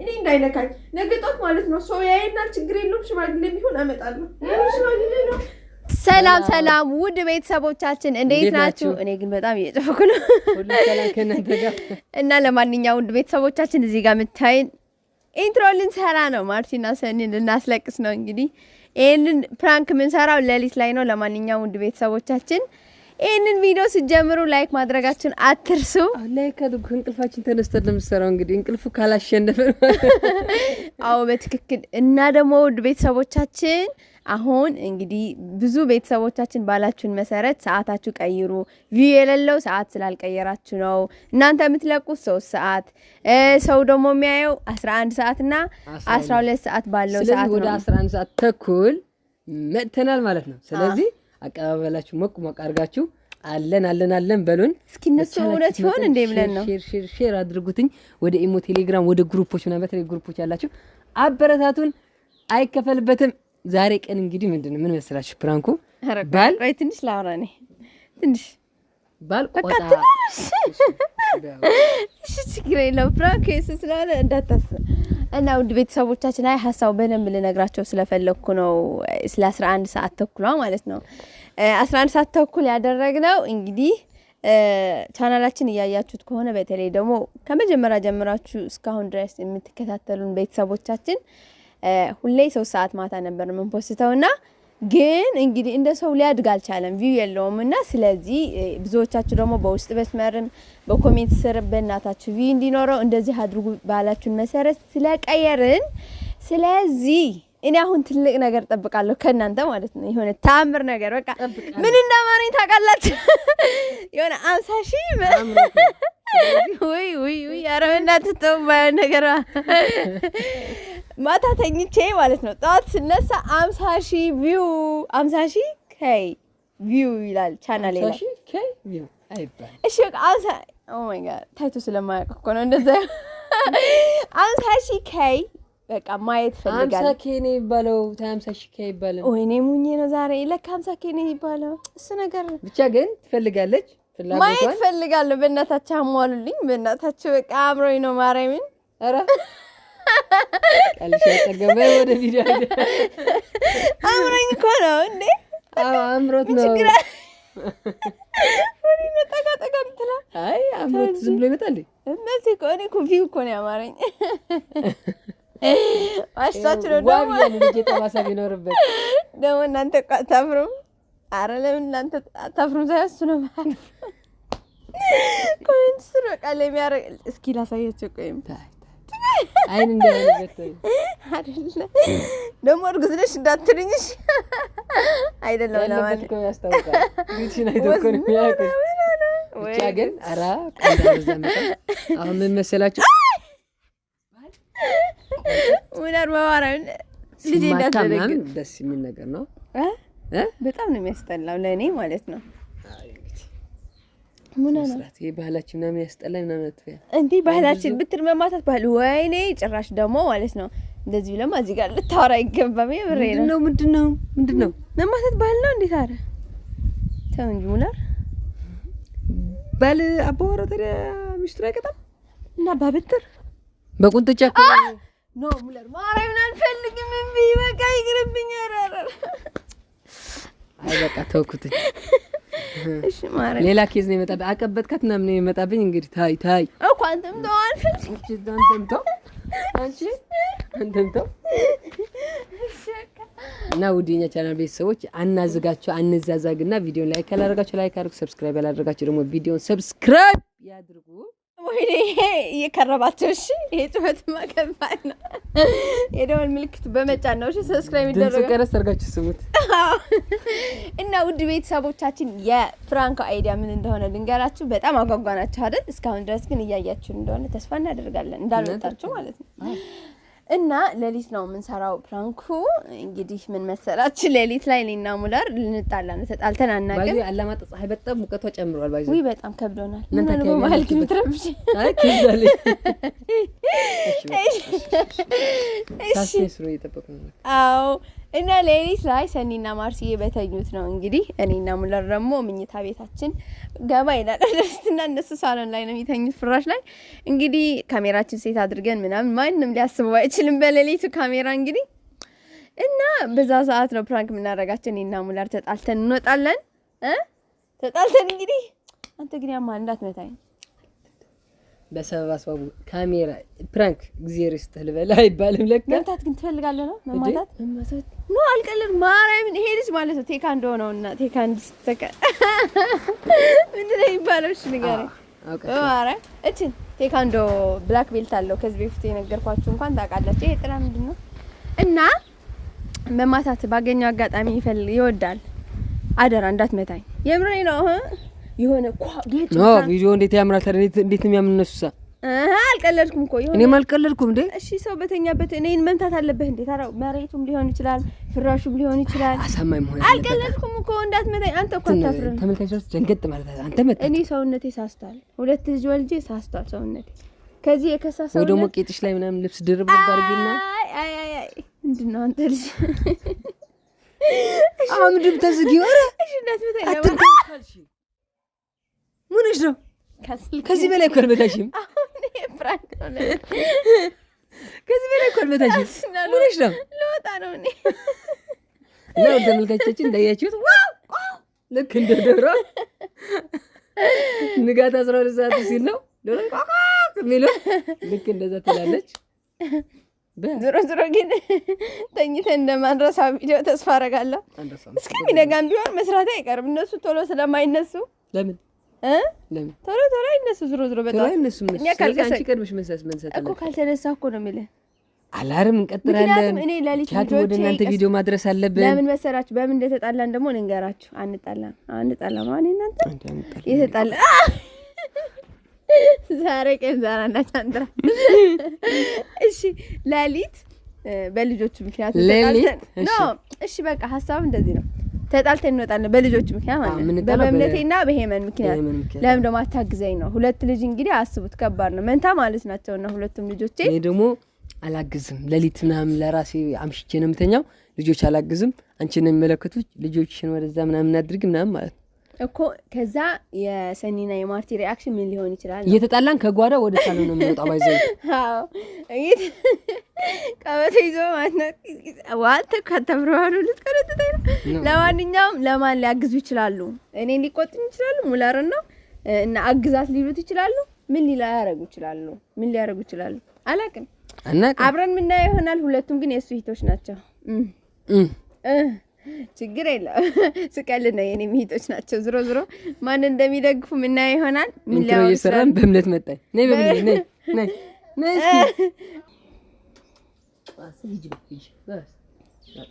እኔ እንዳይነካኝ ነገ ጧት ማለት ነው። ሰው ያየናል፣ ችግር የለውም። ሽማግሌ ቢሆን አመጣለሁ። ሰላም ሰላም፣ ውድ ቤተሰቦቻችን እንዴት ናችሁ? እኔ ግን በጣም እየጨፈኩ ነው እና ለማንኛውም ውድ ቤተሰቦቻችን እዚህ ጋር የምታይን ኢንትሮ ልንሰራ ነው። ማርቲና ሰኒን ልናስለቅስ ነው እንግዲህ ይህንን ፕራንክ የምንሰራው ሌሊት ላይ ነው። ለማንኛውም ውድ ቤተሰቦቻችን ይህንን ቪዲዮ ስጀምሩ ላይክ ማድረጋችን አትርሱ። ላይክ አድርጉ። እንቅልፋችን ተነስተን ለምሰራው እንግዲህ እንቅልፉ ካላሸነፈ አዎ፣ በትክክል እና ደግሞ ውድ ቤተሰቦቻችን አሁን እንግዲህ ብዙ ቤተሰቦቻችን ባላችሁን መሰረት ሰዓታችሁ ቀይሩ። ቪው የሌለው ሰዓት ስላልቀየራችሁ ነው እናንተ የምትለቁት ሶስት ሰዓት ሰው ደግሞ የሚያየው አስራ አንድ ሰዓት እና አስራ ሁለት ሰዓት ባለው ሰዓት ወደ አስራ አንድ ሰዓት ተኩል መጥተናል ማለት ነው። ስለዚህ አቀባበላችሁ ሞቅ ሞቅ አድርጋችሁ አለን አለን አለን በሉን። እስኪ እነሱ እውነት ይሆን እንዴ ብለን ነው ሼር ሼር ሼር አድርጉትኝ ወደ ኢሞ ቴሌግራም፣ ወደ ግሩፖች ምናምን በተለይ ግሩፖች ያላችሁ አበረታቱን። አይከፈልበትም ዛሬ ቀን እንግዲህ ምንድን ነው ምን መሰላችሁ ፕራንኩ ባል ወይ ትንሽ ላውራ እኔ ትንሽ ባል ቆጣ እሺ ችግር የለውም ፕራንክ የሱ ስለሆነ እንዳታስብ እና ውድ ቤተሰቦቻችን አይ ሀሳቡ በደንብ ልነግራቸው ስለፈለግኩ ነው። ስለ አስራ አንድ ሰዓት ተኩሏ ማለት ነው አስራ አንድ ሰዓት ተኩል ያደረግነው እንግዲህ ቻናላችን እያያችሁት ከሆነ በተለይ ደግሞ ከመጀመሪያ ጀምራችሁ እስካሁን ድረስ የምትከታተሉን ቤተሰቦቻችን ሁሌ ሶስት ሰዓት ማታ ነበር የምንፖስተው እና ግን እንግዲህ እንደ ሰው ሊያድግ አልቻለም፣ ቪው የለውም እና ስለዚህ ብዙዎቻችሁ ደግሞ በውስጥ መስመርም በኮሜንት ስር በእናታችሁ ቪው እንዲኖረው እንደዚህ አድርጉ ባላችሁን መሰረት ስለቀየርን ስለዚህ እኔ አሁን ትልቅ ነገር ጠብቃለሁ ከእናንተ ማለት ነው። የሆነ ታምር ነገር በቃ ምን እንዳማረኝ ታውቃላችሁ? የሆነ አምሳ ሺህ ውይ ውይ፣ ወይ አረበና ትተው ነገር ማታ ተኝቼ ማለት ነው። ጠዋት ስነሳ አምሳ ሺህ ቪው አምሳ ሺህ ከይ ቪው ይላል ቻናል ይላል። እሺ ታይቶ ስለማያውቅ እኮ ነው እንደዛ። አምሳ ሺህ ከይ በቃ ማየት ፈልጋል። አምሳ ኬኔ ይባለው አምሳ ሺህ ወይኔ ሙኜ ነው ዛሬ ለካ አምሳ ኬኔ ይባለው። እሱ ነገር ብቻ ግን ትፈልጋለች ማየት ፈልጋለሁ። በእናታቸው አሟሉልኝ። በእናታቸው በቃ አምሮኝ ነው ማርያምን ወደ ቪዲዮ አምሮኝ እኮ ነው እንዴ? አምሮት ነው። አይ አምሮት ዝም ብሎ ይመጣል። እነዚህ እኮ እኔ እኮ ቪው እኮ ነው ያማረኝ። አሽታችሁ ነው ደግሞ ጠባሳ ቢኖርበት ደግሞ እናንተ አረ ለምን እናንተ ሳያሱ ነው ማለት ኮሜንት ስር በቃ እስኪ ላሳያቸው ቆይም አይን እንደበተኝ አይደለ ደግሞ እርጉዝ ነሽ እንዳትልኝሽ አይደለም ለማለት ነው። ያስታውቃል ቢቲን አይተኮን የሚያውቅ ብቻ ግን ኧረ አሁን ምን መሰላችሁ ሙዳር ማማራን ልጅ እንዳትደረግ ደስ የሚል ነገር ነው። በጣም ነው የሚያስጠላው ለእኔ ማለት ነው። መስራት ይሄ ባህላችን ምናምን ያስጠላ ምናምን አትበያ እንዴ ባህላችን ብትር መማታት ባህል ወይኔ ጭራሽ ደግሞ ማለት ነው እንደዚህ ብለማ እዚህ ጋር ልታወራ አይገባም የምሬ ነው ምንድን ነው ምንድን ነው መማታት ባህል ነው እንዴት አረ ተው እንጂ ሙላር ባል አባወራ ታዲያ ሚስቱን አይቀጣም እና ባብትር በቁንጥጫ ኖ ሙላር ማርያምን አልፈልግም እምቢ በቃ ይቅርብኝ ኧረ ኧረ አይ በቃ ተውኩት ሌላ ኬዝ ነው የመጣብኝ። አቀበጥካት ምናምን ነው የመጣብኝ። እንግዲህ ታይ ታይ እኮ አንተም ተው አንተም ተው እና ውድ የኛ ቻናል ቤተሰቦች አናዝጋችሁ፣ አንዛዛግና ቪዲዮን ላይክ ያላደረጋችሁ ላይክ አድርጉ፣ ሰብስክራይብ ያላደረጋችሁ ደግሞ ቪዲዮን ሰብስክራይብ ያድርጉ። ወይኔ ይሄ እየከረባቸው። እሺ ይሄ ጩኸት ማከባድ ነው። የደወል ምልክት በመጫን ነው። እሺ ሰብስክራይብ ይደረጋል። ቀረስ አድርጋችሁ ስሙት። እና ውድ ቤተሰቦቻችን የፍራንኮ አይዲያ ምን እንደሆነ ልንገራችሁ። በጣም አጓጓናችሁ አይደል? እስካሁን ድረስ ግን እያያችሁ እንደሆነ ተስፋ እናደርጋለን እንዳልወጣችሁ ማለት ነው። እና ሌሊት ነው የምንሰራው ፕራንኩ። እንግዲህ ምን መሰላችሁ ሌሊት ላይ እኔና ሙላር ልንጣላ ነው። ተጣልተን አናውቅም። አላማጣ ፀሐይ በጣም ሙቀቷ ጨምሯል። ባይዘ ውይ በጣም ከብዶናል። ምን በመሀል ግን ትረብሽ። እሺ፣ አዎ እና ሌሊት ላይ ሰኒና ማርስዬ በተኙት ነው እንግዲህ እኔና ሙለር ደግሞ ምኝታ ቤታችን ገባ ይላል። እነሱ ሳሎን ላይ ነው የሚተኙት ፍራሽ ላይ እንግዲህ ካሜራችን ሴት አድርገን ምናምን ማንም ሊያስበው አይችልም። በሌሊቱ ካሜራ እንግዲህ እና በዛ ሰዓት ነው ፕራንክ የምናደርጋቸው። እኔና ሙለር ተጣልተን እንወጣለን። ተጣልተን እንግዲህ አንተ ግን ያማ እንዳትመታኝ በሰበብ አስባቡ ካሜራ ፕራንክ እግዚአብሔር ይስጥህ ልበል አይባልም። ለካ መምታት ግን ትፈልጋለህ ነው መማታት መማታት ኖ አልቀልድ ማርያምን ይሄ ልጅ ማለት ነው ቴካንዶ እንደሆነው እና ቴካ እንድስተከ ምንድን ነው የሚባለው? እሺ ንገረኝ። ማርያም እችን ቴካ እንዶ ብላክ ቤልት አለው ከዚህ በፊት የነገርኳችሁ እንኳን ታውቃላችሁ። ይሄ ጥላ ምንድን ነው እና መማታት ባገኘው አጋጣሚ ይፈል ይወዳል። አደራ እንዳትመታኝ የምሬ ነው። የሆነ ቪዲዮ እንዴት ያምራል ታዲያ እንዴት ነው የሚያምን እነሱ። አልቀለድኩም እኮ እኔም አልቀለድኩም እንዴ። እሺ ሰው በተኛበት እኔን መምታት አለብህ እንዴ? ታዲያ መሬቱም ሊሆን ይችላል፣ ፍራሹም ሊሆን ይችላል። አሳማኝ መሆን አልቀለድኩም እኮ እንዳትመታኝ። አንተ እኮ አታፍርም። ተመልካች ደንገጥ ማለት አንተ መታ። እኔ ሰውነቴ ሳስቷል፣ ሁለት ልጅ ወልጄ ሳስቷል ሰውነቴ። ከዚህ የከሳ ሰው ወይ ደግሞ ቄጥሽ ላይ ምናምን ልብስ ድርብ ባርግና። አይ አይ አይ ምንድን ነው አንተ ልጅ አምድም ተዝጊ ወረ እሺ እንዳትመታኝ ምንሽ ነው? ከዚህ በላይ እኮ አልመታሽም። ከዚህ በላይ እኮ አልመታሽም። ምንሽ ነው? ልወጣ ነው እኔ እና ተመልካቾቻችን እንዳያችሁት ልክ እንደ ዶሮ ንጋት አስራ ሁለት ሰዓት ሲል ነው ዶሮ የሚለው። ልክ እንደዛ ትላለች። ዞሮ ዞሮ ግን ተኝተን እንደማንረሳ ቪዲዮ ተስፋ አረጋለሁ። እስከሚነጋም ቢሆን መስራት አይቀርም እነሱ ቶሎ ስለማይነሱ ለምን ቶሎ ቶሎ አይነሱ ዝሮ ዝሮ በጣም አይነሱ እኮ ካልተነሳ እኮ ነው የሚልህ። አላርም እንቀጥላለን። እኔ ለሊት ልጆቼ ወደ እናንተ ቪዲዮ ማድረስ አለብን። ለምን መሰራችሁ? በምን እንደተጣላን ደግሞ ልንገራችሁ። አንጣላም፣ አንጣላም። እኔ እናንተ የተጣላ ዛሬ ቀን ዛራ እና ቻንድራ እሺ፣ ለሊት በልጆቹ ምክንያት ተጣልተን ነው። እሺ በቃ ሀሳብ እንደዚህ ነው። ተጣልተን እንወጣለን። በልጆች ምክንያት ማለት በእምነቴና በሄመን ምክንያት። ለምን ደግሞ አታግዘኝ ነው። ሁለት ልጅ እንግዲህ አስቡት፣ ከባድ ነው። መንታ ማለት ናቸው ናቸውና ሁለቱም ልጆቼ። እኔ ደግሞ አላግዝም፣ ለሊት ምናምን ለራሴ አምሽቼ ነው የምተኛው። ልጆች አላግዝም፣ አንቺን ነው የሚመለከቱት። ልጆችሽን ወደዛ ምናምን አድርግ ምናምን ማለት ነው እኮ ከዛ የሰኒና የማርቲ ሪያክሽን ምን ሊሆን ይችላል? እየተጣላን ከጓዳ ወደ ሳሎን ነው የሚወጣ። ባይዘ ቀበቶ ይዞ ማለት ነው። ዋልተ ለማንኛውም ለማን ሊያግዙ ይችላሉ? እኔ ሊቆጥም ይችላሉ። ሙላር ነው እና አግዛት ሊሉት ይችላሉ። ምን ሊያረጉ ይችላሉ? ምን ሊያረጉ ይችላሉ? አላቅም። አብረን ምናየው ይሆናል። ሁለቱም ግን የእሱ ሂቶች ናቸው። ችግር የለም። ስቀል ነው የኔ ሚሄቶች ናቸው። ዝሮ ዝሮ ማን እንደሚደግፉ ምናየው ይሆናል። ሚሰራን በእምነት መጣይ ነይ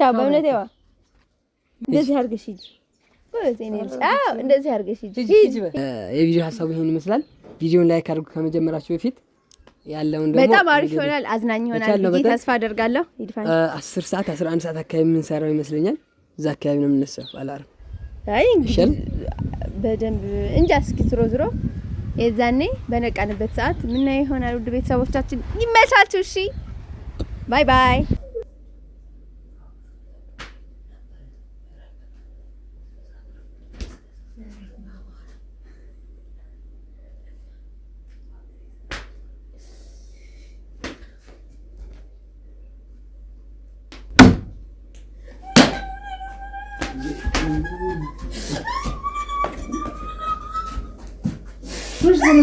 ቻው በእምነት ዋ እንደዚህ አድርገሽ ሂጂ፣ እንደዚህ አድርገሽ ሂጂ። የቪዲዮ ሀሳቡ ይሄን ይመስላል። ቪዲዮን ላይክ አድርጉ ከመጀመራችሁ በፊት ያለውን ደግሞ በጣም አሪፍ ይሆናል፣ አዝናኝ ይሆናል ተስፋ አደርጋለሁ። አስር ሰዓት አስራ አንድ ሰዓት አካባቢ የምንሰራው ይመስለኛል። እዛ አካባቢ ነው የምነሳው። አላርም አይ እንግዲህ በደንብ እንጃ። እስኪ ዝሮ ዝሮ የዛኔ በነቃንበት ሰዓት ምናየው ይሆናል። ውድ ቤተሰቦቻችን ይመቻችሁ። እሺ ባይ ባይ።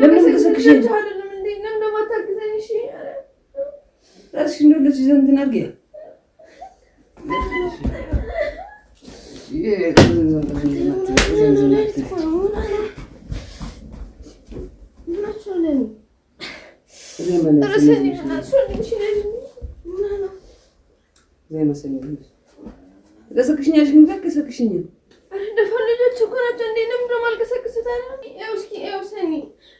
ለምን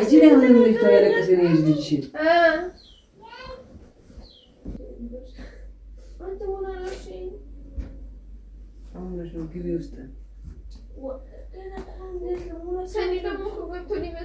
እዚህ ላይ ሆነ ልጅቷ ያለቀሰ ነው ልጅ ግቢ ውስጥ ግቢ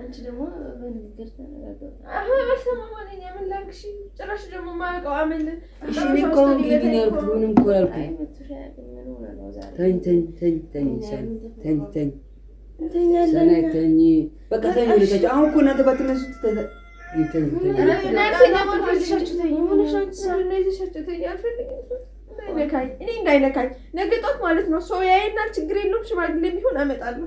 አንቺ ደግሞ በንግግር ተነጋገሩ። ምን ላክሽ? ጭራሽ ደግሞ የማያውቀው አመል ምንም እኮ አላልኩም። ተኝ ተኝ ተኝ ተኝ ተኝ ተኝ ነገ ጧት ማለት ነው ሰው ያየናል። ችግር የለውም ሽማግሌ ቢሆን አመጣለሁ።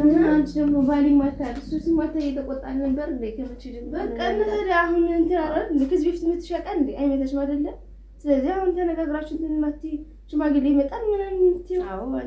እና አንቺ ደግሞ ባሌ ማታ እሱ ሲማታ እየተቆጣ ነበር። ከዚህ በፊት የምትሻቀል እንዴ አይመታችም አይደለ? ስለዚህ አሁን ተነጋግራችሁ ሽማግሌ ይመጣል ምናምን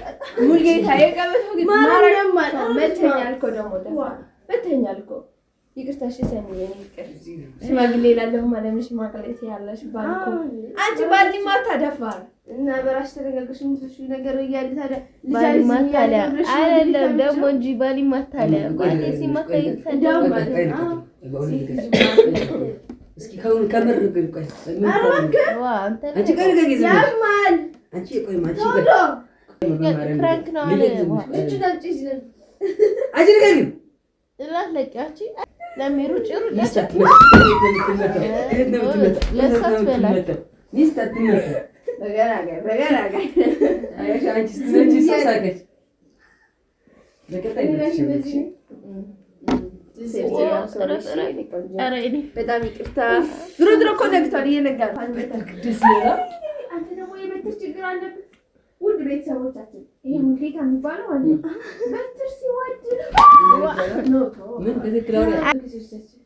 ሙልጌታ የቀበቶ ግን ማረም ማለት መተኛል እኮ ደግሞ ደፋ መተኛል እኮ ይቅርታ። እሺ ሰሚ የኔ ይቅር ሽማግሌ ላለሁ ማለት ነው። ሽማግሌ ያለሽ ባልኮ አንቺ ባልዲ ማታ ደፋ እና በራሽ ተረጋግሽ። ምትሽ ነገር እያለ ታዲያ ባሊ ማታለያ አይደለም ደግሞ እንጂ ባሊ ማታለያ ባሊ ሲማታ ይሰዳው ማለት ነው። እስኪ ከሁን ከምር ግን ቆይ አንቺ ቆይ ማለት በጣም ይቅርታ። ድሮ ድሮ እኮ ነግቷል፣ እየነጋ ነው። ውድ ቤተሰቦቻችን ይሄ ውዴታ የሚባለው ማለት ነው። በትር ሲወድ ምን ትክክል